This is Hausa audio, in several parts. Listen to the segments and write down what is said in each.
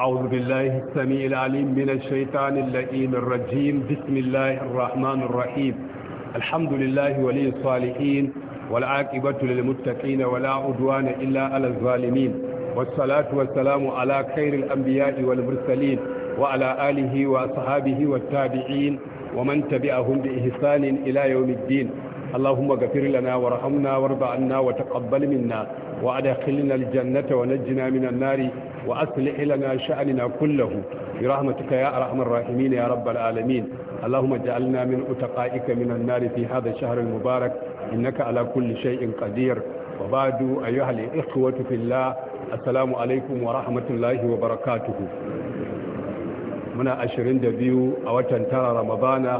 أعوذ بالله السميع العليم من الشيطان اللئيم الرجيم بسم الله الرحمن الرحيم الحمد لله ولي الصالحين والعاقبة للمتقين ولا عدوان إلا على الظالمين والصلاة والسلام على خير الأنبياء والمرسلين وعلى آله وأصحابه والتابعين ومن تبعهم بإحسان إلى يوم الدين اللهم اغفر لنا ورحمنا وارض عنا وتقبل منا وأدخلنا الجنة ونجنا من النار وأصلح لنا شأننا كله برحمتك يا أرحم الراحمين يا رب العالمين اللهم اجعلنا من أتقائك من النار في هذا الشهر المبارك إنك على كل شيء قدير وبعد أيها الإخوة في الله السلام عليكم ورحمة الله وبركاته muna 22 a watan tara ramadana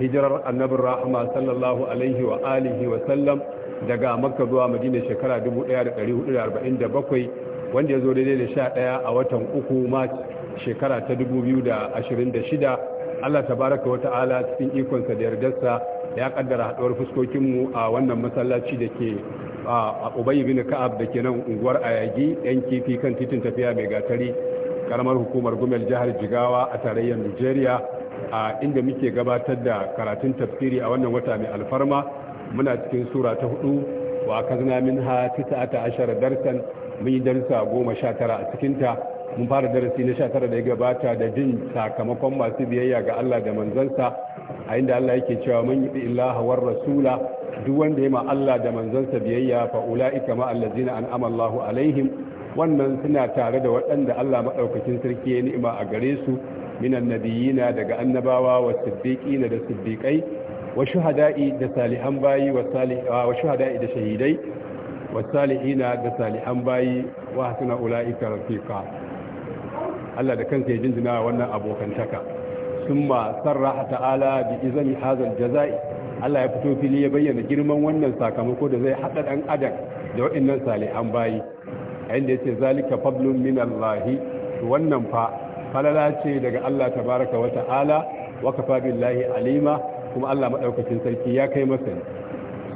hijirar annabin rahama sallallahu alaihi wa alihi wa sallam daga makka zuwa madina shekara 1447 wanda ya zo daidai da sha ɗaya a watan uku mac shekara ta 2026 allah ta tabaraka ala cikin ikonsa da yardarsa ya kaddara haɗuwar fuskokinmu a wannan masallaci da ke a ubayi bin ka'ab da ke nan unguwar ayagi yan kifi kan titin tafiya mai gatari karamar hukumar gumel jihar jigawa a tarayyar nigeria a inda muke gabatar da karatun tafsiri a wannan wata mai alfarma muna cikin sura ta hudu wa kazna minha 19 darsan mun yi darussa goma sha tara a cikinta mun fara darasi na sha tara da ya gabata da jin sakamakon masu biyayya ga Allah da manzansa a inda Allah yake cewa mun yi illaha war rasula duk wanda ya ma Allah da manzansa biyayya fa ulaika ma allazina an'ama Allahu alaihim wannan suna tare da waɗanda Allah madaukakin sarki ya ni'ima a gare su minan nabiyina daga annabawa wa siddiqina da siddiqai wa da salihan bayi wa shuhada'i da shahidai wasalihina da salihan bayi wa hasuna ula'ika rafiqa Allah da kansa ya jinjina wannan abokantaka summa sarraha ta'ala bi izni hazal jazai Allah ya fito fili ya bayyana girman wannan sakamako da zai hada dan adam da waɗannan salihan bayi inda yace zalika fablun min Allah wannan fa falala ce daga Allah tabaaraka wa ta'ala wa kafa billahi alima kuma Allah madaukakin sarki ya kai masa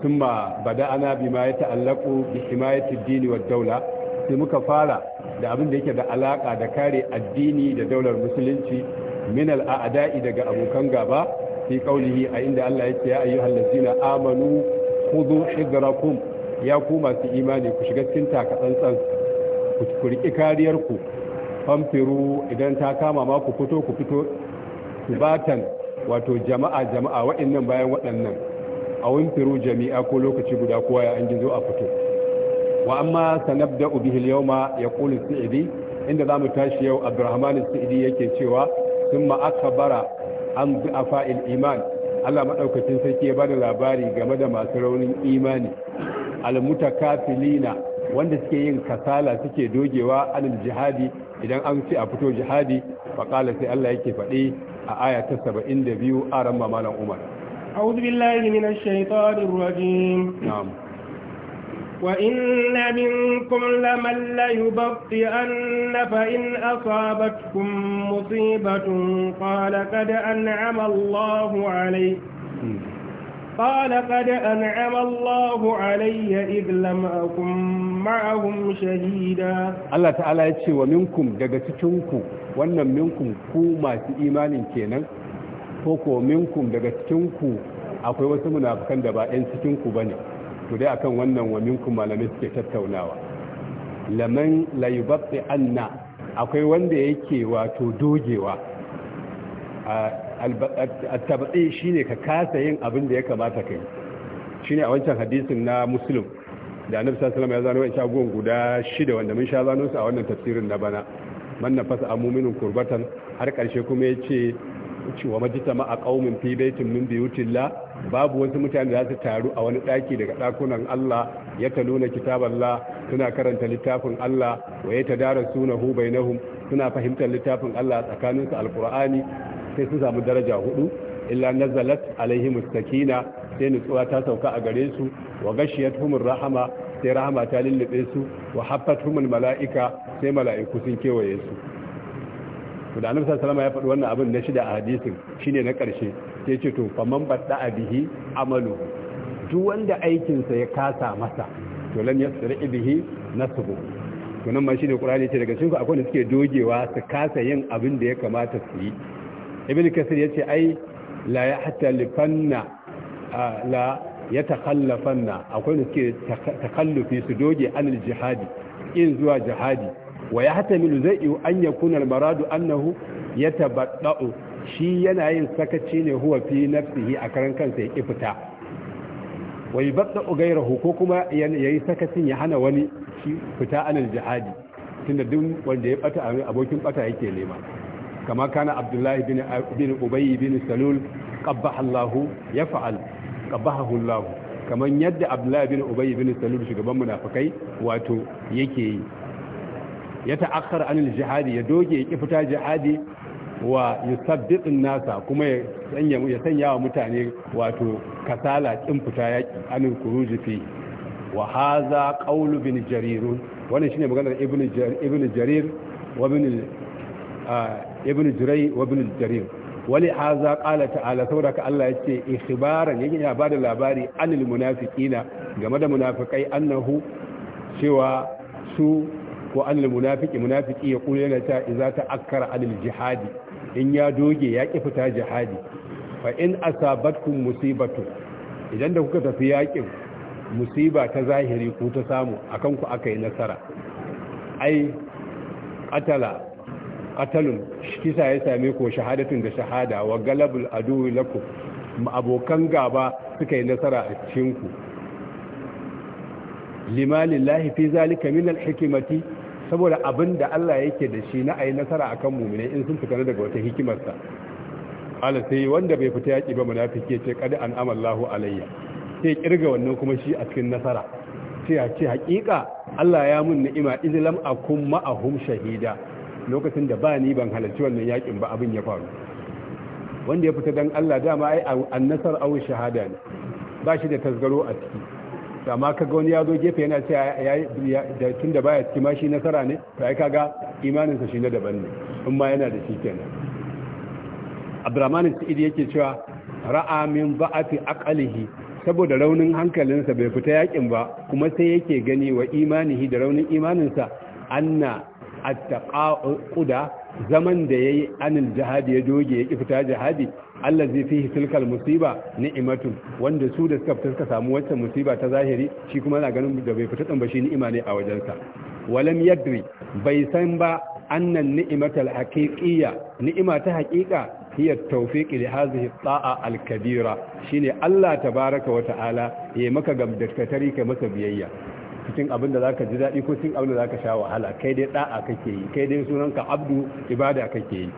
tumma bada'ana bima ya ta'allaqu bi himayati ad-din wa ad-dawla sai muka fara da abin da yake da alaka da kare addini da daular musulunci min al-a'da'i daga abokan gaba fi qawlihi a inda Allah yake ya ayyuhallazina amanu khudhu hidrakum ya ku masu imani ku shiga cikin takatsantsan ku kariyar ku famfiru idan ta kama ma ku fito ku fito tubatan wato jama'a jama'a waɗannan bayan waɗannan a winfiru jami'a ko lokaci guda kowa ya an gizo a fito wa amma sanabda ubihil yawma yaqulu sa'idi inda zamu tashi yau abdurrahman sa'idi yake cewa thumma bara an du'afa iman Allah maɗaukacin sarki ya bada labari game da masu raunin imani kafilina wanda suke yin kasala suke dogewa anil jihadi idan an ce a fito jihadi faqala sai Allah yake faɗi a aya ta 72 a ran malam Umar أعوذ بالله من الشيطان الرجيم نعم وإن منكم لمن ليبطئن فإن أصابتكم مصيبة قال قد أنعم الله علي قال قد أنعم الله علي إذ لم أكن معهم شهيدا الله تعالى يتشي ومنكم دقتكم وأن منكم كوما في إيمان كينا ko ko minkum daga cikinku akwai wasu munafukan da ba 'yan cikinku ba ne to dai akan wannan wa minkum malamai suke tattaunawa laman layubabbi anna akwai wanda yake wato dogewa al-tabdi shine ka kasa yin abin da ya kamata kai shine a wancan hadisin na muslim da annabi sallallahu alaihi wasallam ya zano in shagon guda shida wanda mun sha zano su a wannan tafsirin na bana man nafasa amuminin kurbatan har karshe kuma yace cewa majita ma a ƙaumin fi baitin min Tilla, babu wasu mutane da su taru a wani ɗaki daga ɗakunan Allah ya kitabar La suna karanta littafin Allah wa ya tadarasunahu bainahum suna fahimtar littafin Allah tsakanin su alqur'ani sai su samu daraja hudu illa nazalat alaihim sakina sai nutsuwa ta sauka a gare su wa gashiyatuhum rahama sai rahama ta lullube su wa haffatuhum mala'ika sai mala'iku sun kewaye su to da annabi sallallahu alaihi ya faɗi wannan abin na shida a hadisin shine na ƙarshe sai ce to faman badda bihi amalu duk wanda aikin sa ya kasa masa to lam yasri bihi nasbu to nan ma shine qur'ani ce daga cikin akwai da suke dogewa su kasa yin abin da ya kamata su yi ibn kasir yace ai la ya fanna la ya yatakhallafanna akwai da suke takallufi su doge anil jihadi in zuwa jihadi Waya ya hatamilu zai iya an kunar maradu annahu ya yatabadda'u shi yana yin sakaci ne huwa fi nafsihi a karan kansa ya ƙi fita wa yabadda'u ghayrahu ko kuma ya yi sakacin ya hana wani shi fita anil jihadi tunda duk wanda ya bata abokin bata yake nema kama kana abdullahi bin bin bin salul qabbaha ya yaf'al qabbahu allah kaman yadda abdullahi bin ubay bin salul shugaban munafikai wato yake yi ya ta'akhkhar anil jihadi ya doge ya fita jihadi wa yusabbitu nasa kuma ya sanya wa mutane wato kasala kin fita yaki anil khuruji fi wa hadha qawlu bin jarir wannan shine maganar ibnu ibnu jarir wa ibn ibn jurai wa ibn jarir wali haza qala ta'ala saboda Allah yace ikhbaran yake ya bada labari anil munafiqina game da munafikai annahu cewa su ko annal munafiki munafiki ya kula yana ta idza ta'akkara anil jihadi in ya doge ya ki fita jihadi fa in asabatkum musibatu idan da kuka tafi yakin musiba ta zahiri ku ta samu akan ku aka yi nasara ai qatala qatalun kisa ya same ku shahadatun da shahada wa galabul adu lakum abokan gaba suka yi nasara a cikin ku limalillahi fi zalika min alhikimati saboda abin da Allah yake da shi na ayi nasara akan mu'mine in sun fitar daga wata hikimarsa Allah sai wanda bai fita yaki ba munafiki ce kad an amallahu alayya sai kirga wannan kuma shi a cikin nasara sai ya ce hakika Allah ya mun ni'ima izlam akum ma'ahum shahida lokacin da ba ni ban halarci wannan yakin ba abin ya faru wanda ya fita dan Allah dama ai an nasar aw shahada ne ba shi da tasgaro a ciki amma kaga wani ya zo gefe yana ce da tun da baya cikin ma shi nasara ne to ai kaga imaninsa shi na daban ne in ma yana da shi kenan abdurrahman sa'id yake cewa ra'a min ba'ati aqalihi saboda raunin hankalinsa bai fita yakin ba kuma sai yake gani wa imanihi da raunin imaninsa anna at-taqa'uda zaman da ya yi anil jihadi ya doge ya fita jihadi Allah zai fi hitilkar musiba ni'imatu wanda su da suka fita samu wacce musiba ta zahiri shi kuma na ganin da bai fita ba shi ni'ima ne a wajensa walam yadri bai san ba annan ni'imatar haqiqiyya ni'ima ta haqiqa هي التوفيق لهذه الطاعة الكبيرة شيني الله تبارك وتعالى يمكا ka masa biyayya. cikin abin da zaka ji daɗi ko cikin abin da zaka sha wahala kai dai da'a kake yi kai dai sunanka abdu ibada kake yi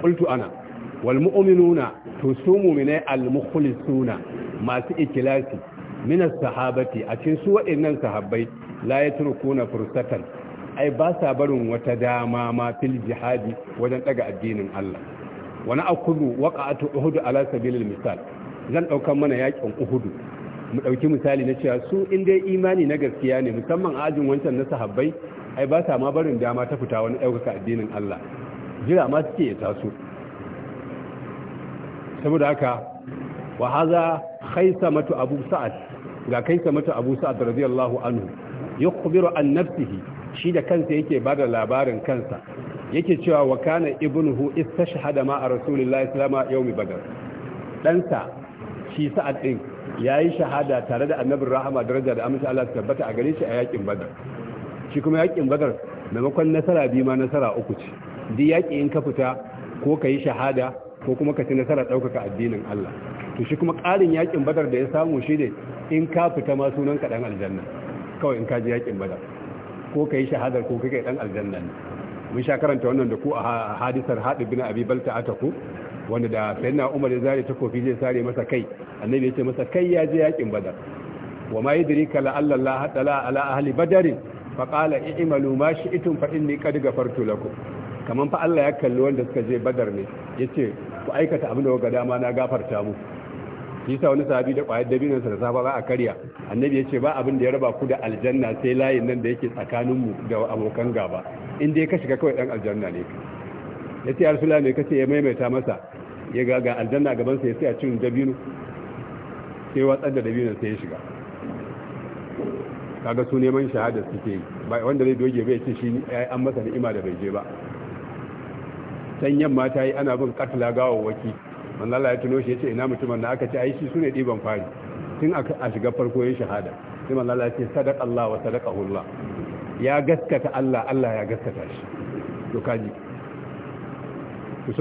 qultu ana wal mu'minuna to su mu'minai al mukhlisuna masu ikhlasi min sahabati a cikin su waɗannan sahabbai la yatrukuna fursatan ai ba sa barin wata dama ma fil jihadi wajen daga addinin Allah wani akudu waqa'atu uhud ala sabilil misal zan daukan mana yakin uhudu mu ɗauki misali na cewa su in dai imani na gaskiya ne musamman ajin wancan na sahabbai ai ba sa ma barin dama ta fita wani ɗaukaka addinin Allah jira ma suke ya taso saboda haka wa haza matu abu sa'ad ga matu abu sa'ad radiyallahu anhu yukhbiru an nafsihi shi da kansa yake bada labarin kansa yake cewa wa kana ibnuhu istashhada ma a rasulillahi sallama yawmi badar sa shi sa'ad din. Ya yi shahada tare da annabin rahama daraja da amince Allah tabbata a gare shi a yakin badar shi kuma yakin badar maimakon nasara biyu ma nasara uku ce duk yaƙi in ka fita ko ka yi shahada ko kuma ka ci nasara ɗaukaka addinin Allah to shi kuma ƙarin yakin badar da ya samu shi ne in ka fita ma sunan ka ɗan aljanna kawai in ka ji yakin badar ko ka yi shahadar ko kai ɗan aljanna ne mun sha karanta wannan da ku a hadisar haɗi bin abi balta ata ku wanda da sayyidina Umar ya zare takofi zai sare masa kai annabi ya ce masa kai ya je yakin badar wa ma yadri kala alla Allah ta'ala ala ahli badar fa qala i'malu ma shi'tum fa inni qad ghafartu lakum kaman fa Allah ya kalli wanda suka je badar ne yace ku aikata abin da ga dama na gafarta mu yasa wani sahabi da kwayar dabinan sa da safa ba a karya annabi yace ba abin da ya raba ku da aljanna sai layin nan da yake tsakanin mu da abokan gaba in dai ka shiga kawai dan aljanna ne ya ce arsula mai ce ya maimaita masa ya ga ga aljanna sa ya sai a cin dabino sai watsar da dabino sai ya shiga kaga su neman shahada su yi wanda zai doge bai ce shi ya yi an masa ni'ima da bai je ba san yamma ta yi ana bin katla waki manzo Allah ya tuno shi ce ina mutumin da aka ce yi shi su ne ɗiban fari tun a shiga farko yin shahada sai manzo Allah ya ce sadaka Allah wa sadaka Allah ya gaskata Allah Allah ya gaskata shi to kaji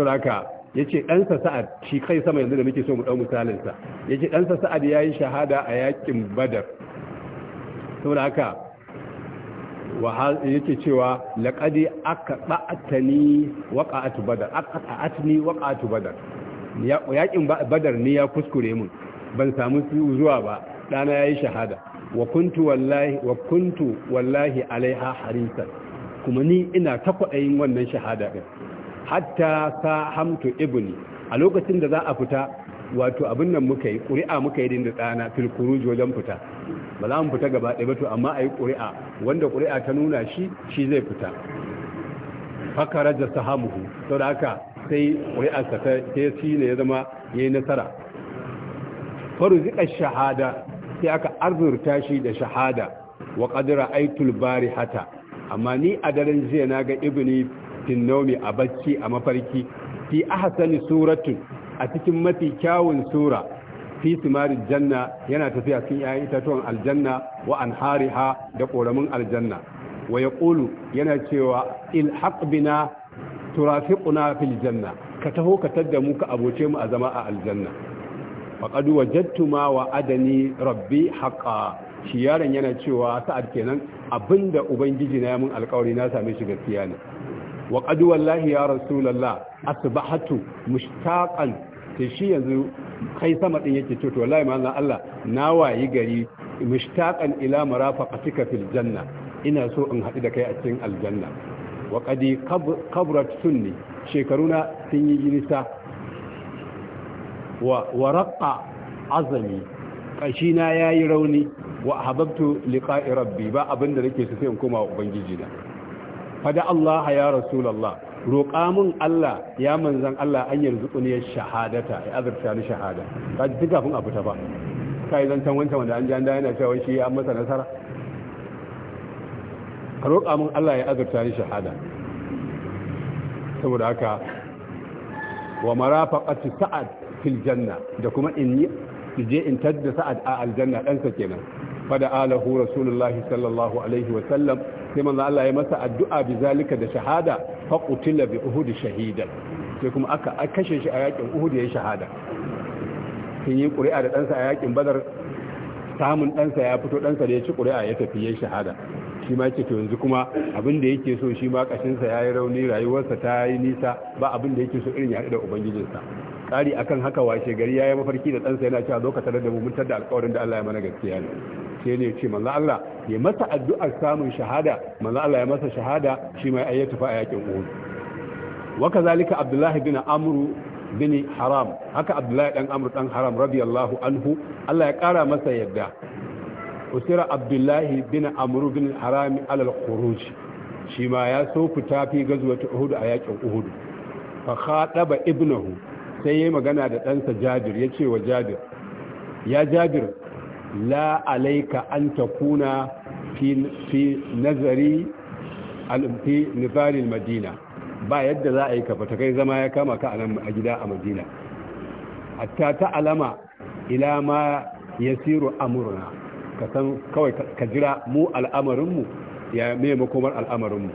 haka, ya ce ɗansa sa'ad shi kai sama yanzu da muke so mu ɗau misalinsa ya ce ɗansa sa'ad ya yi shahada a yakin badar saboda haka ya ce cewa laƙadi aka ba'atani waqa'atu badar aka atni waqa'atu badar yakin badar ne ya kuskure mun ban samu zuwa ba ɗana ya yi shahada wa kuntu wallahi wa kuntu wallahi alaiha harisan kuma ni ina ta kwaɗayin wannan shahada ɗin hatta sa Hamtu ibni a lokacin da za a fita wato abin nan muka yi ƙuri'a muka yi dinda tsana fil kuruji wajen fita ba za mu fita gaba ɗaya ba to amma ayi ƙuri'a wanda ƙuri'a ta nuna shi shi zai fita haka rajar sahamuhu sau da haka sai ƙuri'arsa ta shi ne ya zama ya yi nasara faru zika shahada sai aka arzurta shi da shahada wa ƙadira aitul bari hata amma ni a daren jiya na ga ibini fi naumi a bacci a mafarki fi ahsani suratun a cikin mafi kyawun sura fi simarin janna yana tafiya cikin ƴaƴan itatuwan aljanna wa anhariha da ƙoramin aljanna wa yaqulu yana cewa ilhaq bina turafiquna fil janna ka taho ka tadda mu ka aboce mu a zama a aljanna faqad wajadtu ma adani rabbi haƙa shi yaron yana cewa sa'ad kenan abinda ubangiji na ya mun alƙawari na same shi gaskiya ne wa wallahi ya rasulullah asbahatu mushtaqan sai shi yanzu kai sama ɗin yake to wallahi manzo Allah na wayi gari mushtaqan ila murafaqatika fil janna ina so in haɗu da kai a cikin aljanna wa qadi qabrat sunni shekaruna sun yi nisa wa waraqqa azami ya yayi rauni wa hababtu liqa'i rabbi ba abinda nake so sai in koma ubangiji na fada Allah ya Rasulallah roƙa mun Allah ya manzan Allah an yanzu yarzuquni shahadata ya azurta ni shahada ka ji kafin a fita ba kai zan tan wancan wanda an ji an da yana cewa shi an masa nasara ka roƙa mun Allah ya azurta ni shahada saboda haka wa marafa marafaqati sa'ad fil janna da kuma in yi su je in tadda sa'ad a aljanna dan sa kenan fada alahu rasulullahi sallallahu alaihi wa sallam sai manzo Allah ya masa addu'a bi zalika da shahada fa qutila bi uhud shahidan sai kuma aka kashe shi a yakin uhud yayin shahada sun yi ƙuri'a da ɗansa a yakin badar samun ɗansa ya fito ɗansa da ya ci ƙuri'a ya tafi ya shahada shi ma yake to yanzu kuma abin da yake so shi ma kashin ya yi rauni rayuwarsa ta yi nisa ba abin da yake so irin ya haɗu da ubangijinsa ƙari akan haka washe gari ya yi mafarki da ɗansa yana cewa zo ka tarar da mu mun da alƙawarin da Allah ya mana gaskiya ne sai ne ce manzo Allah ya masa addu'ar samun shahada manzo Allah ya masa shahada shi mai ayyatu tufa a yakin Uhud wa kazalika Abdullahi bin Amr bin Haram haka Abdullahi dan Amr dan Haram radiyallahu anhu Allah ya kara masa yadda usira Abdullahi bin Amr bin Haram alal khuruj shi ma ya so fita fi gazwatu Uhud a yakin Uhud fa khadaba ibnahu sai ya magana da ɗansa jabir ya ce wa jabir ya jabir la alaika an ta kuna fi nazari fi nifarin madina ba yadda za a yi ka kai zama ya kama ka a gida a madina A ta alama ilama ma ya siro amurna ka san kawai ka jira mu al'amarinmu ya mai makomar al'amarinmu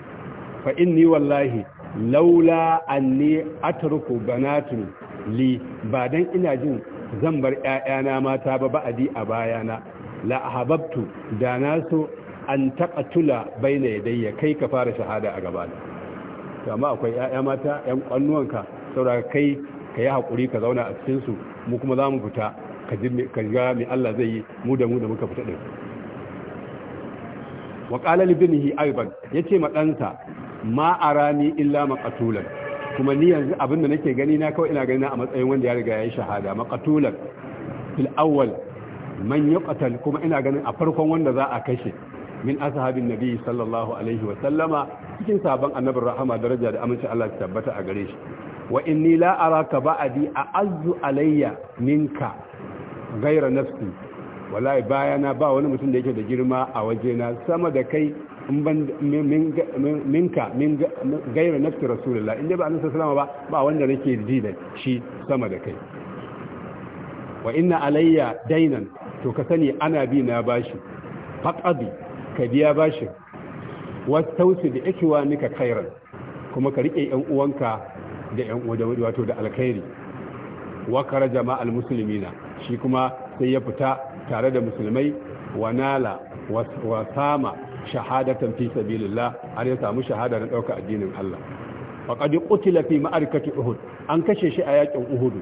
fa inni wallahi laula anni atruku banatun li ba dan ina jin zan bar ƴaƴana mata ba ba'adi a bayana la ahabbtu da na so an taqatula baina yadayya kai ka fara shahada a gaba to amma akwai 'ya'ya mata ƴan kwannuwanka saboda kai ka yi hakuri ka zauna a cikinsu su mu kuma za mu fita ka ga mai Allah zai yi mu da mu da muka fita din wa qala li ya ayban yace ma ɗansa ma arani illa maqatulan kuma ni yanzu abin da nake gani na kawai ina gani a matsayin wanda ya riga ya yi shahada maqatulan fil awwal man yuqtal kuma ina ganin a farkon wanda za a kashe min ashabin nabi sallallahu alaihi wa sallama cikin sabon annabi rahama daraja da aminci Allah ya tabbata a gare shi wa inni la araka ba'di a'azzu alayya minka ghayra nafsi wallahi bayana ba wani mutum da yake da girma a waje na sama da kai minka min gairar nafi rasulullah inda ba annabi sallallahu ba ba wanda nake ji da shi sama da kai wa inna alayya dainan to ka sani ana bi na bashi faqadi ka biya bashi wastausi da ikwanika khairan kuma ka rike yan uwanka da yan da wato da alkhairi wa karaja ma almuslimina shi kuma sai ya fita tare da musulmai wa nala wa sama shahadatan fi sabilillah har ya samu shahada na ɗauka addinin Allah faqad qutila fi ma'arikati uhud an kashe shi a yakin uhud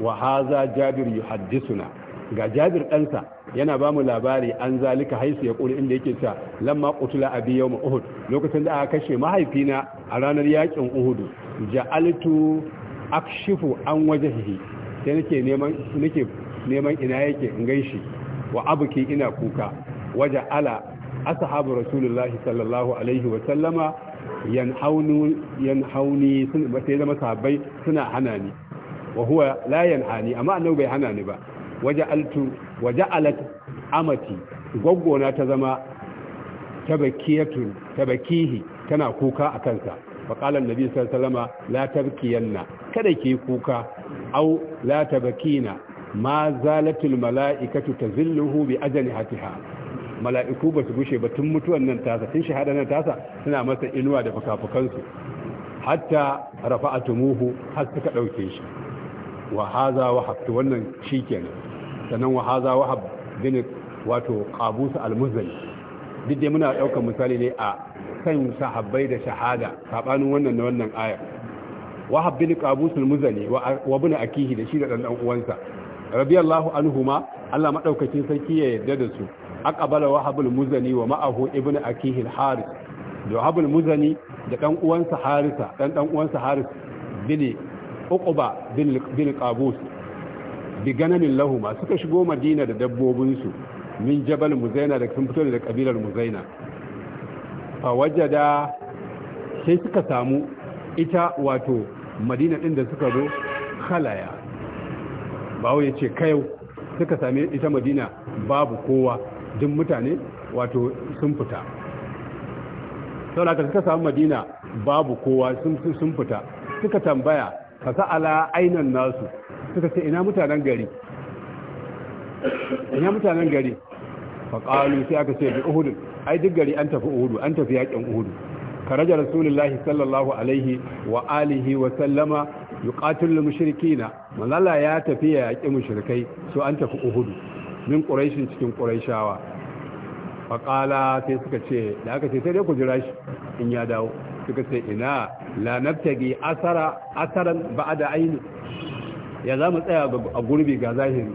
wa hadha jabir yuhaddithuna ga jabir ɗansa yana ba mu labari an zalika haisu ya ƙuri inda yake sa lamma ƙutula abi yau ma uhud lokacin da aka kashe mahaifina a ranar yakin uhudu ja'altu akshifu an wajhihi sai nake neman ina yake in gaishi wa abuki ina kuka waje ala ashabu rasulullahi sallallahu alaihi wa sallama yan hauni sun ba zama sahabbai suna hana ni wa huwa la yanhani amma annabi bai hana ni ba waja'altu waja'alat amati goggona ta zama tabakiyatun tabakihi tana kuka a kansa faƙalar nabi sallama la tabkiyanna kada ke kuka au la tabakina ma zalatul mala'ikatu tazilluhu bi ajnihatiha mala'iku ba su gushe ba tun mutuwan nan tasa tun shahada nan tasa suna masa inuwa da fukafukansu hatta rafa a tumuhu har suka ɗauke shi wa haza wa to wannan nan, sannan wa haza wahab bin wato qabus al-muzani duk dai muna daukar misali ne a kan sahabbai da shahada saɓanin wannan na wannan aya wahab bin muzani wa bin akihi da shi da dan uwansa radiyallahu ma Allah madaukakin sarki ya yarda da su aqbala wahab al-muzani wa ma'ahu ibnu akih al-harith da wahab muzani da dan uwansa harisa dan dan uwansa Haris bin uquba bin bin qabus bi ganamin lahuma suka shigo madina da dabbobin su min jabal muzaina da sun fito da kabilar muzaina fa wajada sai suka samu ita wato madina din da suka zo khalaya bawo yace kayau suka same ita madina babu kowa duk mutane wato sun fita saboda suka samu madina babu kowa sun fita suka tambaya sa'ala ainan nasu suka ce ina mutanen gari ina mutanen gari faƙalu sai aka ce bi uhudu ai duk gari an tafi uhudu an tafi yakin uhudu karaja rasulullahi sallallahu alaihi wa alihi wa sallama yuqatilul mushrikina malala ya tafi yakin mushrikai so an tafi uhudu min ƙuraishin cikin ƙuraishawa faƙala sai suka ce da aka ce sai dai ku jira shi in ya dawo suka ce ina la nabtagi asara asaran ba da aini ya za mu tsaya a gurbi ga zahiri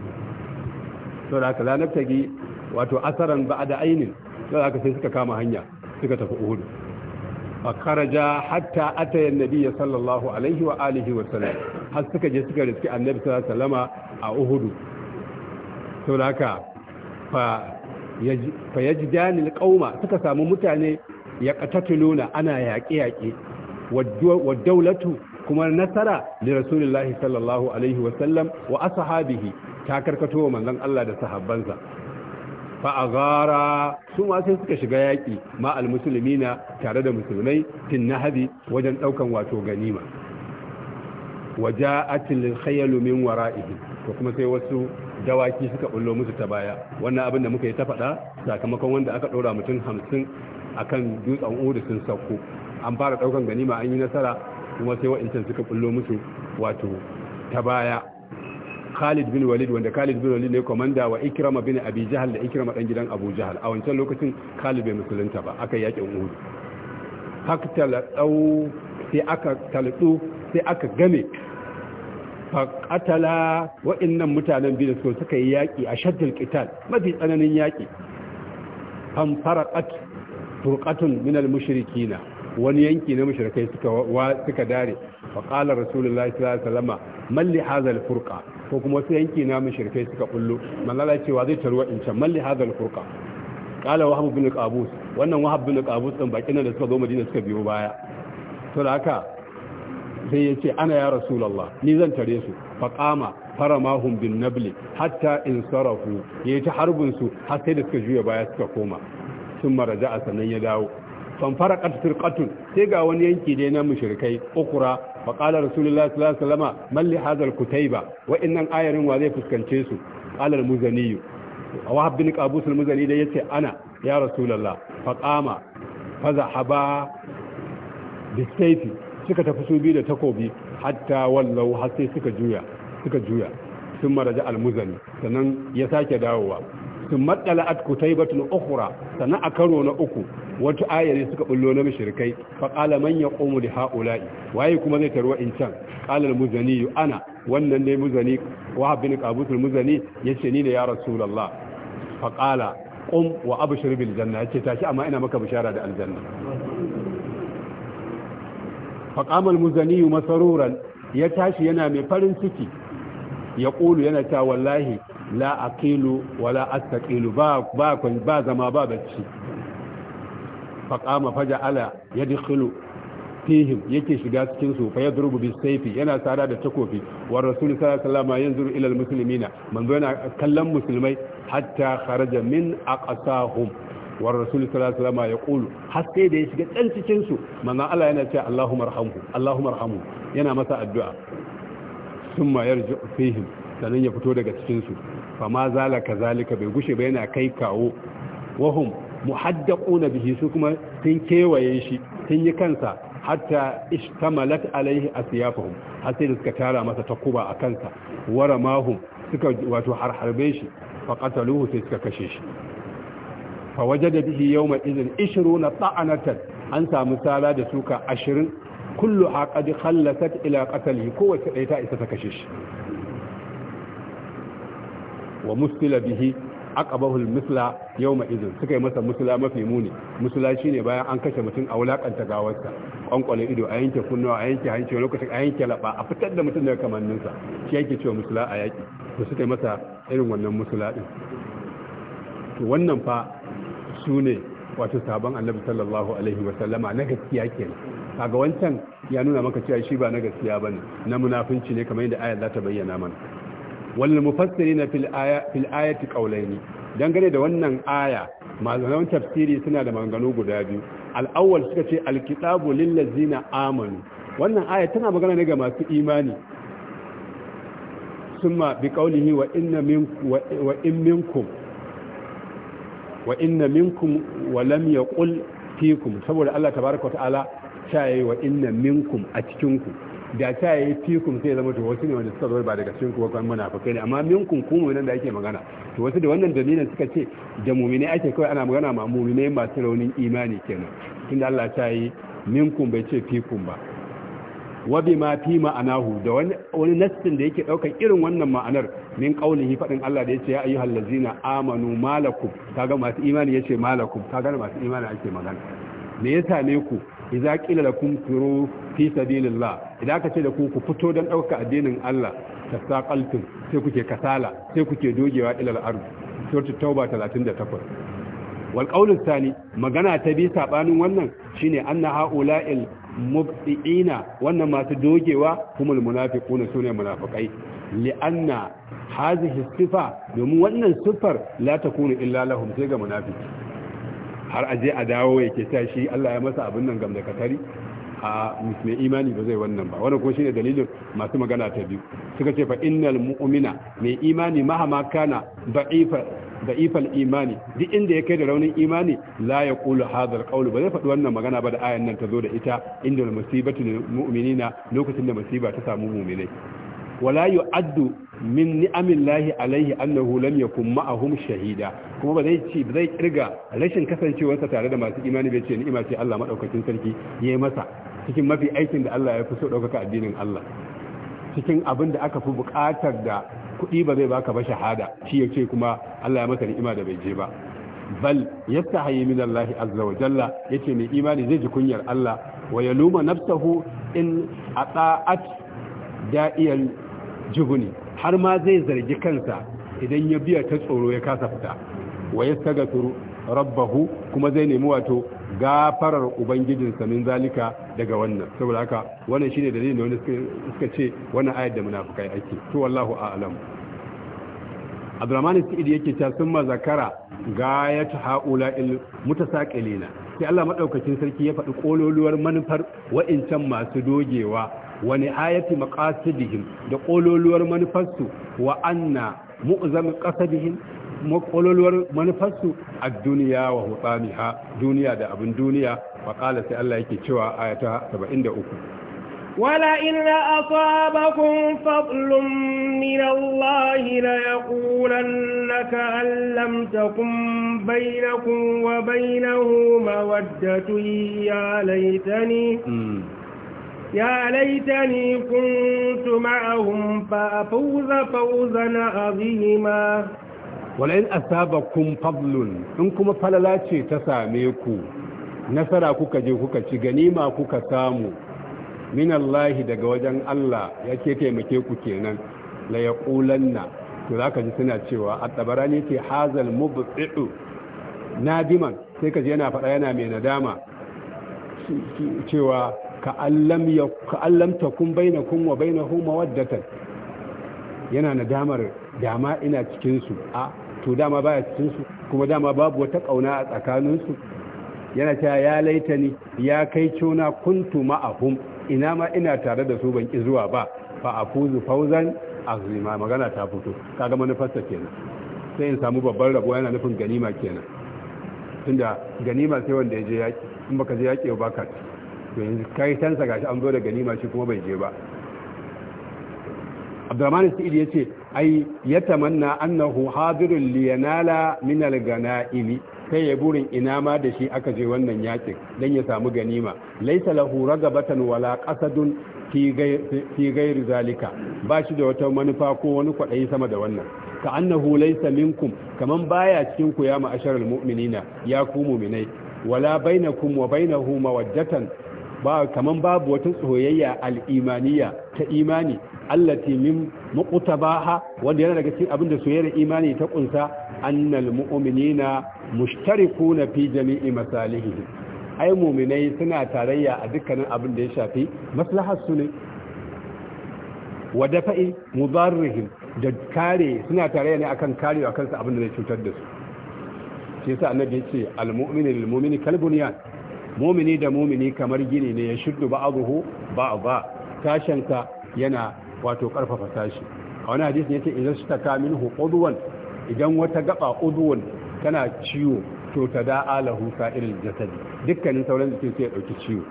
to da aka la nabtagi wato asaran ba da aini to da aka sai suka kama hanya suka tafi uhud fakaraja hatta ataya ya sallallahu alaihi wa alihi wa sallam har suka je suka riski annabi sallallahu alaihi sallama a uhudu to haka fa yajdanil ƙauma suka samu mutane ya qatatuluna ana yaƙe yaƙe wa daulatu kuma nasara da rasulullahi sallallahu alaihi wasallam wa asahabihi ta karkato wa manzon Allah da sahabbansa fa gara su sai suka shiga yaƙi ma na tare da musulmai tin nahadi wajen ɗaukan wato ganima waja'atil khayl min wara'ihim to kuma sai wasu dawaki suka bullo musu ta baya wannan abin da muka yi ta faɗa sakamakon wanda aka ɗora mutum hamsin akan dutsen Udu sun sauko an fara ɗaukan ganima an yi nasara kuma sai wa'incan suka bullo musu wato ta baya Khalid bin Walid wanda Khalid bin Walid ne komanda wa Ikrama bin Abi Jahal da Ikrama dan gidan Abu Jahal a wancan lokacin Khalid bai musulunta ba aka yakin Uhud haka taladau sai aka sai aka game faƙatala waɗannan mutanen biyu da suka yi yaƙi a shaddil qital mafi tsananin yaƙi an faraƙat turƙatun minal mushrikina wani yanki na mushrikai suka suka dare fa qala rasulullahi sallallahu alaihi wasallam man li furqa ko kuma wasu yanki na mushrikai suka bullo manzala cewa zai tarwa in can man li hadha furqa qala wahab bin qabus wannan wahab bin qabus din bakin da suka zo madina suka biyo baya to da haka sai ya ce ana ya rasulallah ni zan tare su faƙama mahun bin nabli hatta in sarrafu ya ta harbin su har sai da suka juya baya suka koma sun maraja a sannan ya dawo fanfara ƙasar ƙatun sai ga wani yanki dai na mushrikai ukura faƙala rasulullah sallallahu alaihi wasallama malli hazal kutaiba wa'annan ayarin wa zai fuskance su qalar muzaniyu A bin qabus al-muzani dai yace ana ya rasulullah faqama haba bisayfi suka tafi su biyu da takobi hatta wallau har sai suka juya suka juya sun almuzani sannan ya sake dawowa sun matsala at kutaibatun ukhra sannan a karo na uku wata ayar suka bullo na mushrikai fa qala man yaqumu li haula'i waye kuma zai tarwa in can qala almuzani ana wannan ne muzani wahab bin qabus almuzani yace ni ne ya rasulullah fa qala qum wa abshir bil janna yace tashi amma ina maka bishara da aljanna faƙamar muzaniyu masaruran ya tashi yana mai farin ciki ya ƙulu yana ta wallahi la aqilu wala astaqilu ba ba ba zama ba bacci faqama faja'ala yadkhulu fihim yake shiga cikin su fa yadrubu bis saifi yana tsara da takofi wa rasul sallallahu alaihi yanzuru ila al manzo yana kallon musulmai hatta kharaja min aqsahum war rasul sallallahu alaihi wasallam ya kulu har sai da ya shiga dan cikin su Allah yana cewa Allahumma arhamhu Allahumma yana masa addu'a summa yarji fihim sanan ya fito daga cikin su fa ma zalaka zalika bai gushe ba yana kai kawo wahum muhaddaquna bihi su kuma sun kewaye shi sun yi kansa hatta ishtamalat alaihi asyafuhum har sai da suka tara masa takuba a kansa mahum suka wato harbe shi fa qataluhu sai suka kashe shi fa wajada bihi yawma idhin na ta'anatan an samu sala da suka 20 kullu haqad khallasat ila qatlihi kowace ɗaya ta isa ta kashe shi wa musila bihi aqabahu al-misla yawma idhin suka yi masa musula mafi muni musula shine bayan an kashe mutum a wulakanta gawarsa kwankwale ido a yanke kunno a yanke hanci lokacin a yanke laba a fitar da mutum daga kamanninsa shi yake cewa musula a yaki to suka yi masa irin wannan musula din to wannan fa su ne wato sabon annabi sallallahu alaihi wasallama na gaskiya kenan kaga wancan ya nuna maka cewa shi ba na gaskiya bane na munafinci ne kamar yadda ayat za ta bayyana mana wal mufassirin fil aya fil ayati qawlaini dangane da wannan aya malaman tafsiri suna da mangano guda biyu al-awwal suka ce al-kitabu lil ladzina amanu wannan aya tana magana ne ga masu imani summa bi qawlihi wa inna minkum wa in minkum wa inna minkum wa lam yaqul fikum saboda Allah tabaraka ta'ala ta yi wa inna minkum a cikin ku da ta yi fikum sai zama to wasu ne wanda suka zo ba daga cikin ku kan munafikai ne amma minkum ku mu'minan da ake magana to wasu da wannan dalilin suka ce da mu'mini ake kawai ana magana ma mu'mini masu raunin imani kenan tunda Allah ta yi minkum bai ce fikum ba wa ma fi ma'anahu da wani nassin da yake daukar irin wannan ma'anar min qaulihi fadin Allah da yace ya ayyuhal ladzina amanu malakum kaga masu imani yace malakum kaga masu imani ake magana me ya same ku idza qila lakum turu fi sabilillah idan ka ce da ku ku fito dan ɗauka addinin Allah tasaqaltum sai kuke kasala sai kuke dogewa ilal ardh suratul tauba 38 wal qaulu thani magana ta bi sabanin wannan shine anna haula'il mubti'ina wannan masu dogewa humul munafiquna sune munafiqai li'anna hadhihi sifa domin wannan sifar la takunu illa lahum sai ga munafiki har aje a dawo yake ta shi Allah ya masa abin nan gamda katari a mai imani ba zai wannan ba wannan kuma shine dalilin masu magana ta biyu suka ce fa innal mu'mina mai imani mahama kana da'ifa da'ifal imani duk inda ya kai da raunin imani la ya qulu hadhal qawlu ba zai faɗi wannan magana ba da ayan nan ta zo da ita inda musibatu lil mu'minina lokacin da musiba ta samu mu'minai wala yu'addu min ni'amillahi alaihi annahu lam yakun ma'ahum shahida kuma ba zai ci ba zai kirga rashin kasancewarsa tare da masu imani bai ce ni'ima ce Allah madaukakin sarki yayi masa cikin mafi aikin da Allah ya fi so ɗaukaka addinin Allah cikin abin da aka fi buƙatar da kuɗi ba zai baka ba shahada shi ya ce kuma Allah ya masa ni'ima da bai je ba bal hayi min Allah azza wa jalla yace mai imani zai ji kunyar Allah wa luma nafsahu in ata'at da'iyal jubuni har ma zai zargi kansa idan ya biya ta tsoro ya kasa fita wa yastagaturu rabbahu kuma zai nemi wato gafarar ubangijinsa min zalika daga wannan saboda haka wannan shine dalilin da wani suka ce wannan ayat da munafikai ake to wallahu a'lam Abdurrahman Sa'id yake ta summa zakara gayat haula il mutasaqilina sai Allah madaukakin sarki ya faɗi kololuwar manufar wa'incan masu dogewa wani ayati maqasidihim da kololuwar manufarsu wa anna mu'zam qasadihim makololwar manufarsu a duniya wa hutsami duniya da abin duniya wa kala sai Allah yake cewa ayata 73 wala in ra'abakum fadlun min Allah la yaqulannaka allam takum bainakum wa bainahu mawaddatu ya laytani يا ليتني fauza معهم فأفوز فوزا عظيما wala in asabakum fadlun in kuma falala ce ta same ku nasara kuka je kuka ci ganima kuka samu min Allah daga wajen Allah yake taimake ku kenan la yaqulanna to zaka ji suna cewa at-tabarani ce hazal mubti'u nadiman sai ka ji yana faɗa yana mai nadama cewa ka allam ya kun takun bainakum wa bainahu mawaddatan yana nadamar dama ina cikin su a to dama baya cikin su kuma dama babu wata kauna a tsakanin su yana cewa ya laita ni ya kai cona kuntu ma'ahum ina ma ina tare da su ban ki zuwa ba fa afuzu fauzan azima magana ta fito kaga manufarsa kenan sai in samu babban rabo yana nufin ganima kenan tunda ganima sai wanda ya je yaki in baka je yaki ba ka to yanzu kai tansa gashi an zo da ganima shi kuma bai je ba Abdurrahman Sa'id yace ai ya tamanna annahu hadirun liyanala min alganaili sai ya burin ina ma da shi aka je wannan yakin dan ya samu ganima laisa lahu ragabatan wala qasadun fi gairi zalika ba shi da wata manufa ko wani kwaɗayi sama da wannan ka annahu laysa minkum kaman baya cikin ku ya ma'asharul mu'minina ya ku mu'minai wala bainakum wa bainahu mawaddatan ba kaman babu wata soyayya al'imaniya ta imani allati min muqtabaha wanda yana daga cikin abin da soyayyar imani ta kunsa annal mu'minina mushtarikuna fi jami'i masalihi ai mu'minai suna tarayya a dukkanin abin da ya shafi maslahar su ne wa dafa'i mudarrihim da kare suna tarayya ne akan a kansu abin da zai cutar da su shi yasa annabi ya ce al-mu'minu lil-mu'mini kal bunyan mumini da mumini kamar gini ne ya shuddu ba abuhu ba ba tashanka yana wato karfafa tashi a wani hadisi yace idan su taka minhu udwan idan wata gaba udwan tana ciwo to ta da'a lahu sa'iril jasadi dukkanin sauran jikin sai ya dauki ciwo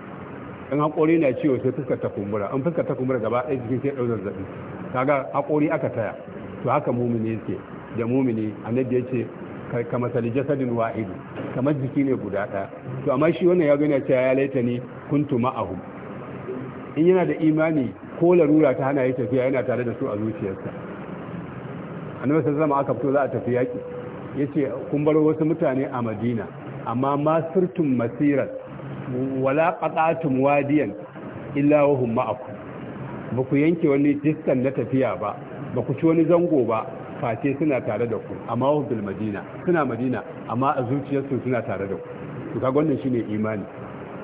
in hakori na ciwo sai fuska ta kumbura in fuska ta kumbura gaba ɗaya jikin sai ya dau zazzabi kaga hakori aka taya to haka mumini yake da mumini annabi yace ka jasadin wahidu kamar jiki ne guda ɗaya to amma shi wannan ya gani cewa ya laita ni kuntu ma'ahu in yana da imani ko larura ta hana yi tafiya yana tare da su a zuciyarsa annabi sai zama aka fito za a tafi yaki yace kun bar wasu mutane a Madina amma masirtum masirat wala qata'tum wadiyan illa wa hum ma'akum ba ku yanke wani distan na tafiya ba ba ku ci wani zango ba face suna tare da ku amma wa bil madina suna madina amma a zuciyarsu suna tare da ku to kaga wannan shine imani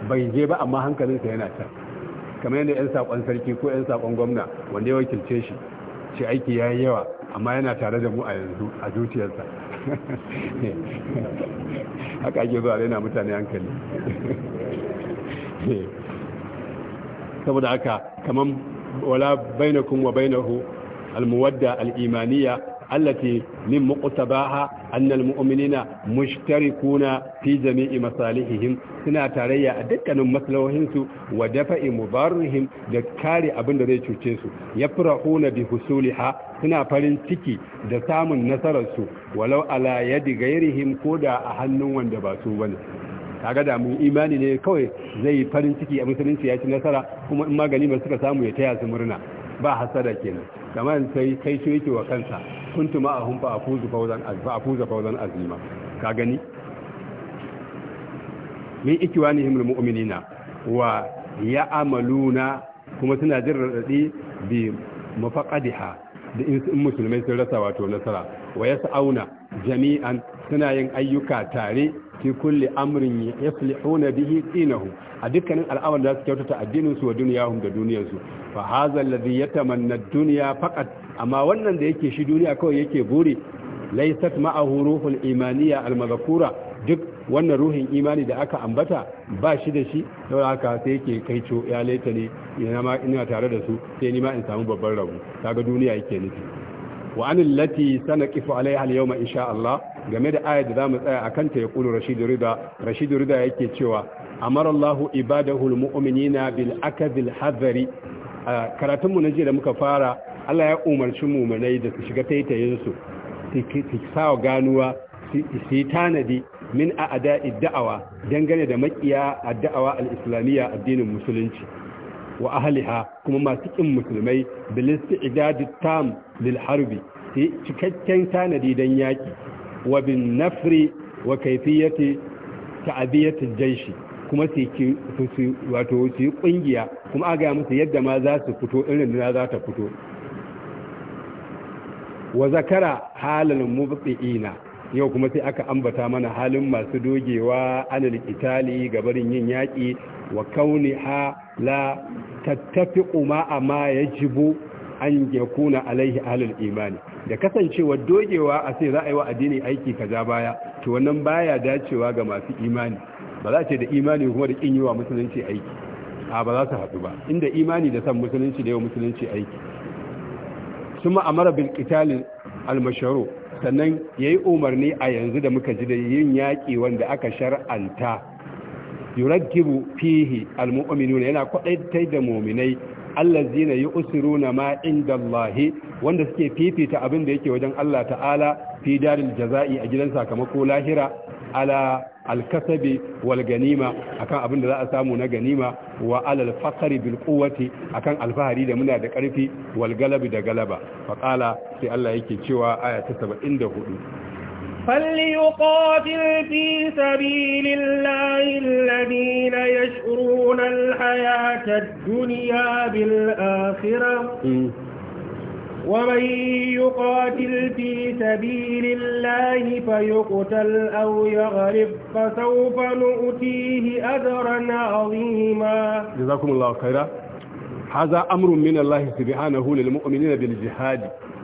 bai je ba amma hankalinsa yana can kamar yadda yan sakon sarki ko yan sakon gwamna wanda ya wakilce shi shi aiki yayi yawa amma yana tare da mu a yanzu a zuciyarsa haka ake zuwa rena mutane hankali saboda haka kamar wala bainakum wa bainahu almuwadda al'imaniya allati min muqtabaha anna almu'minina mushtarikuna fi jami'i masalihihim suna tarayya a dukkanin maslahohin su wa dafa'i mubarrihim da kare abin da zai cuce su yafrahuna bihu husuliha suna farin ciki da samun nasararsu su walau ala yadi ghairihim a hannun wanda ba su bane kaga da mun imani ne kawai zai farin ciki a musulunci ya ci nasara kuma in magani ba suka samu ya taya su murna ba hasada kenan kamar sai kai shi yake wa kansa kuntu ma'ahum a afuzu fawzan fa afuza fawzan azima ka gani min ikwanihim almu'minina wa ya ya'maluna kuma suna jin radadi bi mafaqadiha da in musulmai sun rasa wato nasara wa ya yas'auna jami'an suna yin ayyuka tare fi kulli amrin yaslihuna bihi dinahu a dukkanin al'amuran da su kyautata addinin su wa duniyahum da duniyarsu fa hadha alladhi yatamanna ad-dunya faqat amma wannan da yake shi duniya kawai yake buri laisat ma'ahu ruhul imaniya almazkura duk wannan ruhin imani da aka ambata ba shi da shi don haka sai yake kaico ya laita ne ina ma ina tare da su sai ni ma in samu babban rabu kaga duniya yake nufi wa anil lati sanaqifu alaiha al insha Allah game da ayat da zamu tsaya akan ta yaqulu rashidu rida rashidu rida yake cewa amara Allahu ibadahu al-mu'minina bil akadil hadari karatun mu na jiya da muka fara Allah ya umarci mumanai da su shiga taitayinsu su sa ganuwa su yi tanadi min a ada da'awa dangane da makiya a da'awa al'islamiyya addinin musulunci wa ahliha kuma masu ƙin musulmai bilisti idadi tam lil harbi su cikakken tanadi don yaƙi wa bin nafri wa kaifiyati jaishi kuma su wato su yi kungiya kuma aga musu yadda ma za su fito irin na za ta fito wa zakara halal mubti'ina yau kuma sai aka ambata mana halin masu dogewa anil itali gabarin yin yaki wa kauni ha la tattafi umma amma yajibu an yakuna alaihi ahlul imani da kasancewa dogewa a sai za a yi wa addini aiki kaza baya to wannan baya dacewa ga masu imani ba za ce da imani kuma da kin yi wa musulunci aiki a ba za su haɗu ba inda imani da san musulunci da yawa musulunci aiki kuma amara bil qitalin al mashru sannan yayi umarni a yanzu da muka ji da yin yaki wanda aka shar'anta yurajjibu fihi al mu'minuna yana kwadaitai da mu'minai allazina yusiruna ma inda Allah wanda suke fifita abin da yake wajen Allah ta'ala fi daril jaza'i a gidan sakamako lahira ala alkasabi wal ganima akan abin da za a samu na ganima wa alal fakari bil akan alfahari da muna da karfi wal galabi da galaba Faƙala sai Allah yake cewa aya ta 74 فليقاتل في سبيل الله الذين يشعرون duniya bil بالآخرة ومن يقاتل في سبيل الله فيقتل أو يغرب فسوف نؤتيه أجرا عظيما جزاكم الله خيرا هذا أمر من الله سبحانه للمؤمنين بالجهاد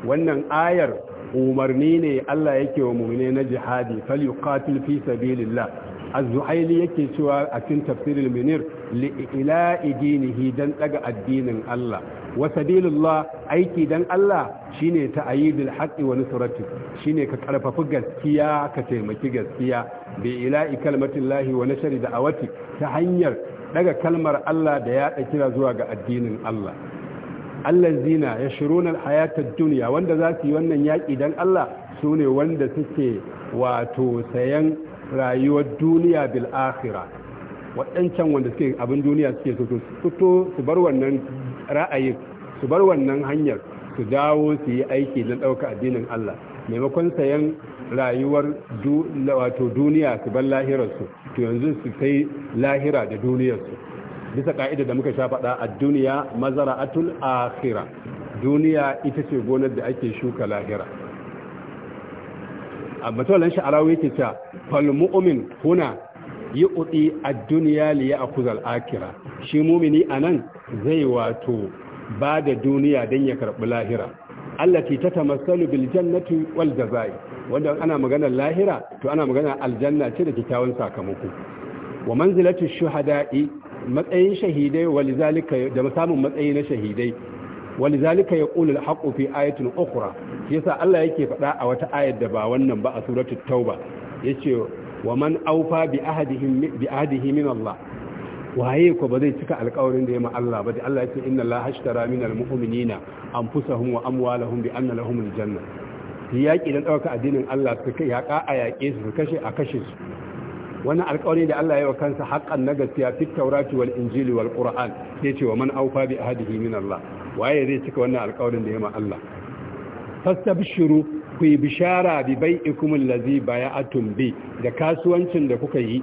وأن آير umarni ne Allah yake wa mummune na jihadi falyuqatil fi sabilillah az-zuhaili yake cewa a cikin tafsirul munir li ila'i dinihi dan daga addinin Allah wa sabilillah aiki dan Allah shine ta'yidul haqqi wa nusrati shine ka karfafi gaskiya ka taimaki gaskiya bi ila'i wani wa da da'awati ta hanyar daga kalmar Allah da ya kira zuwa ga addinin Allah allazina yashruna alhayata ad-dunya wanda za su yi wannan yaki dan Allah sune wanda suke wato sayan rayuwar duniya bil akhirah waɗancan wanda suke abin duniya suke su bar wannan ra'ayin su bar wannan hanyar su dawo su yi aiki na ɗauka addinin Allah maimakon sayan rayuwar wato duniya su bar lahirarsu to yanzu su kai lahira da duniyarsu bisa ka'ida da muka sha faɗa a duniya mazara'atul akhira duniya ita ce gonar da ake shuka lahira a matsalan sha'arawa yake cewa fal mu'min huna yi uɗi a duniya liya a kuzar akira shi mumini a nan zai wato ba da duniya don ya karɓi lahira allati ta tamassalu bil jannati wal jazai wanda ana magana lahira to ana magana aljanna ce da kyakkyawan sakamako wa manzilatu shuhada'i matsayin shahidai da samun matsayi na shahidai walizalika yaqulu al-haqqu fi ayatin ukhra yasa Allah yake faɗa a wata ayar da ba wannan ba a suratul tauba yace wa man aufa bi ahadihim bi min Allah waye ko ba zai cika alƙawarin da ya ma Allah ba da Allah ya ce inna Allah hashtara min almu'minina anfusahum wa amwalahum bi anna lahum aljanna yaki dan dauka addinin Allah su kai yaƙa a yaƙe su kashe a kashe su wannan alƙawari da Allah ya yi wa kansa haƙƙan na gaskiya fit wal injili wal qur'an sai ce wa man awfa bi ahadihi min Allah waye zai cika wannan alƙawarin da ya ma Allah fastabshiru ku yi bishara bi bai'ikum allazi bay'atum bi da kasuwancin da kuka yi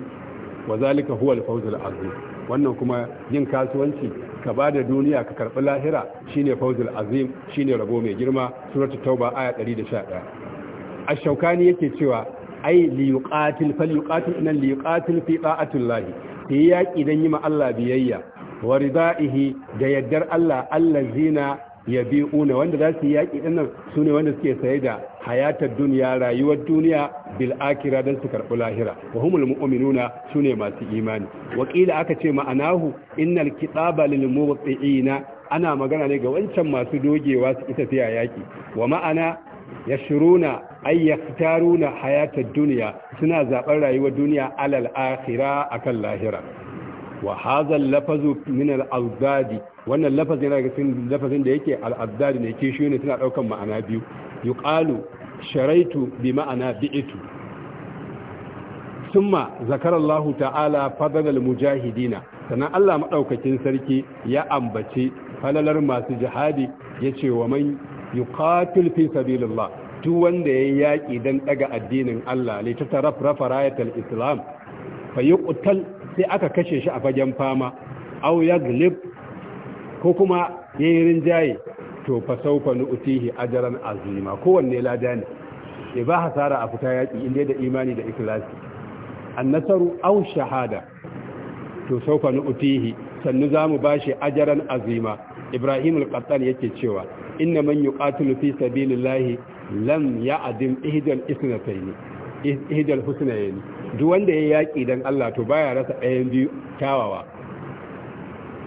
wa zalika huwa al-fawz al-azim wannan kuma yin kasuwanci ka ba da duniya ka karɓi lahira shine fawzul azim shine rabo mai girma suratul tauba aya 111 ash-shaukani yake cewa ai liyuqatil falyuqatil inal liyuqatil fi ta'atillah sai yaki dan yi ma Allah biyayya wa ridaihi da yaddar Allah allazina ya bi una wanda za su yi yaƙi ɗin su ne wanda suke saye da hayatar duniya rayuwar duniya bil akira don su karɓi lahira wa humul mu'minuna su ne masu imani wakila aka ce ma'anahu innal kitaba lil muwaqqi'ina ana magana ne ga wancan masu dogewa su ita tafiya yaƙi wa ma'ana yashruna ay yaktaruna hayatar duniya suna zaɓar rayuwar duniya alal akhira akan lahira wa haza lafazu min al wannan lafazin yana cikin lafazin da yake al-azdadi ne ke shi ne suna daukan ma'ana biyu yuqalu sharaitu bi ma'ana bi'tu summa zakara Allah ta'ala al mujahidina sanan Allah madaukakin sarki ya ambaci falalar masu jihadi yace wa man yuqatil fi sabilillah duk wanda ya yaki dan daga addinin Allah li tataraf rafa rayatul islam fa yuqtal sai aka kashe shi a fagen fama au ya yaglib ko kuma yayin rinjaye to fa sawfa nu'tihi ajran azima kowanne lada ne ya ba hasara a fita yaki inda da imani da ikhlasi annasaru au shahada to sawfa nu'tihi sannu zamu bashi ajaran azima ibrahim al yake cewa inna man yuqatilu fi sabilillahi lam ya'dim ihdal isnatayn ihdal husnayn duk wanda ya yaƙi don Allah to baya rasa ɗayan biyu kyawawa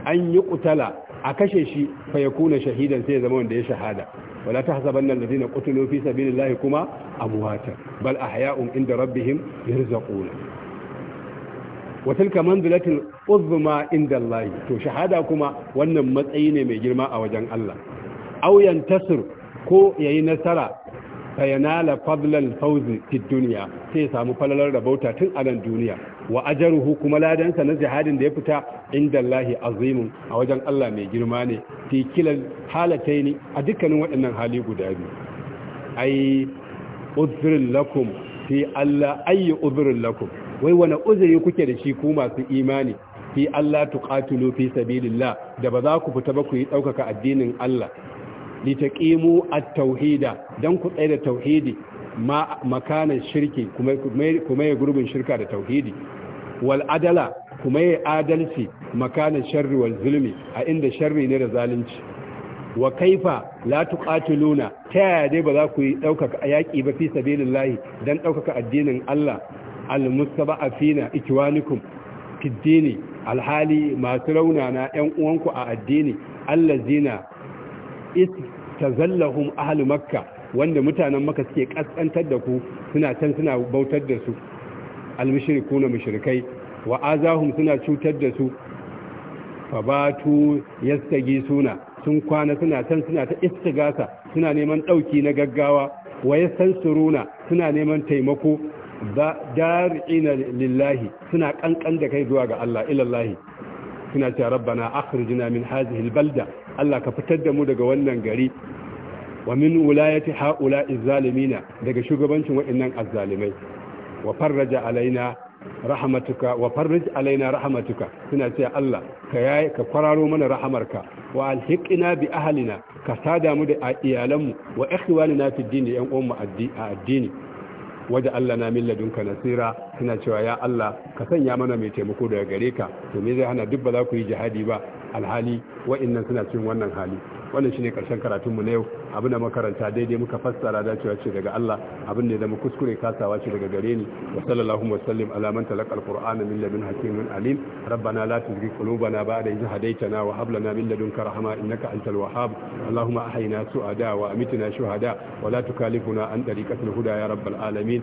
an yi ƙutala a kashe shi fa ya kuna shahidan sai zama wanda ya shahada wala ta hasaban nan qutilu fi sabilillahi kuma amwata bal ahya'un inda rabbihim yarzaquna wa tilka manzilatul uzma inda Allah to shahada kuma wannan matsayi ne mai girma a wajen Allah aw tasir ko yayi nasara fa yanala fadlal fawzi fi dunya sai ya samu falalar rabauta tun a nan duniya wa ajruhu kuma ladansa na jihadin da ya fita inda Allahi azimun a wajen Allah mai girma ne fi kilal halataini a dukkanin waɗannan hali guda biyu ai uzrul lakum fi Allah ayi lakum wai wani uzuri kuke da shi ku masu imani fi Allah tuqatilu fi sabilillah da ba za ku fita ba ku yi daukaka addinin Allah litaqimu at-tauhida dan ku tsaya da tauhidi ma makanan shirki kuma kuma ya gurbin shirka da tauhidi wal adala kuma ya adalci makanan sharri wal zulmi a inda sharri ne da zalunci wa kaifa la tuqatiluna ta yaya dai ba za ku yi daukaka yaki ba fi sabilillahi dan ɗaukaka addinin Allah al-mustaba'afina ikwanikum fiddini alhali masu na yan uwanku a addini allazina is tazallahum makka wanda mutanen makka suke kaskantar da ku suna can suna bautar da su na mushrikai wa azahum suna cutar da su fa batu suna. sun kwana suna can suna ta istigasa suna neman dauki na gaggawa wa yastansuruna suna neman taimako dar'ina lillahi suna kankan da kai zuwa ga Allah ilallahi suna ce rabbana akhrijna min hadhihi albalda Allah ka fitar da mu daga wannan gari wa min wulayati haula izzalimina daga shugabancin waɗannan azzalimai wa farraja alaina rahmatuka wa farraj alaina rahmatuka suna cewa Allah ka yayi ka kwararo mana rahamarka wa alhiqina bi ahlina ka sada mu da iyalanmu wa ikhwanina fi dini yan uwan mu addini waje Allah na min ladunka nasira suna cewa ya Allah ka sanya mana mai taimako daga gare ka to me zai hana duk ba za ku yi jihadi ba alhali wa'annan suna cikin wannan hali wannan shine karshen karatunmu na yau abin da makaranta daidai muka fassara dacewa ce daga Allah abin da zama kuskure kasawa ce daga gare ni wa sallallahu wa sallim ala man talaqa alquran min ladun hakimin alim rabbana la tuzigh qulubana ba'da idh hadaytana wa hab lana min ladunka rahma innaka antal wahhab allahumma ahyina su'ada wa amitna shuhada wa la tukallifna an tariqatil huda ya rabbal alamin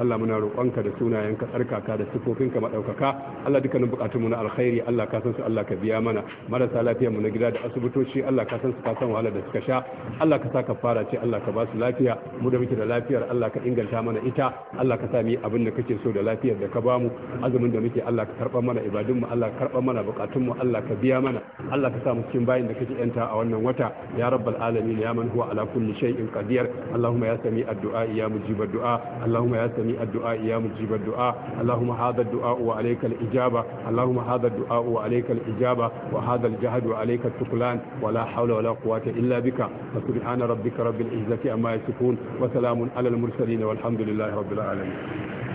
Allah muna roƙonka da sunayen kasar tsarkaka da sifofinka maɗaukaka Allah dukkanin bukatunmu na alkhairi Allah ka san su Allah ka biya mana marasa lafiya mu na gida da asibitoci Allah ka san su ka san wahala da suka sha Allah ka sa ka fara ce Allah ka ba su lafiya mu da muke da lafiyar Allah ka inganta mana ita Allah ka sa mu abin da kake so da lafiyar da ka ba mu azumin da muke Allah ka karɓa mana ibadun mu Allah ka karɓa mana bukatun mu Allah ka biya mana Allah ka sa mu cikin bayin da kake yanta a wannan wata ya rabbal alamin ya man huwa ala kulli shay'in qadir Allahumma ya sami addu'a ya mujibad du'a Allahumma ya sami addu'a ya mujibad du'a الدعاء اللهم هذا الدعاء وعليك الإجابة اللهم هذا الدعاء وعليك الإجابة وهذا الجهد وعليك التقلان ولا حول ولا قوة إلا بك فسبحان ربك رب العزة أما يصفون وسلام على المرسلين والحمد لله رب العالمين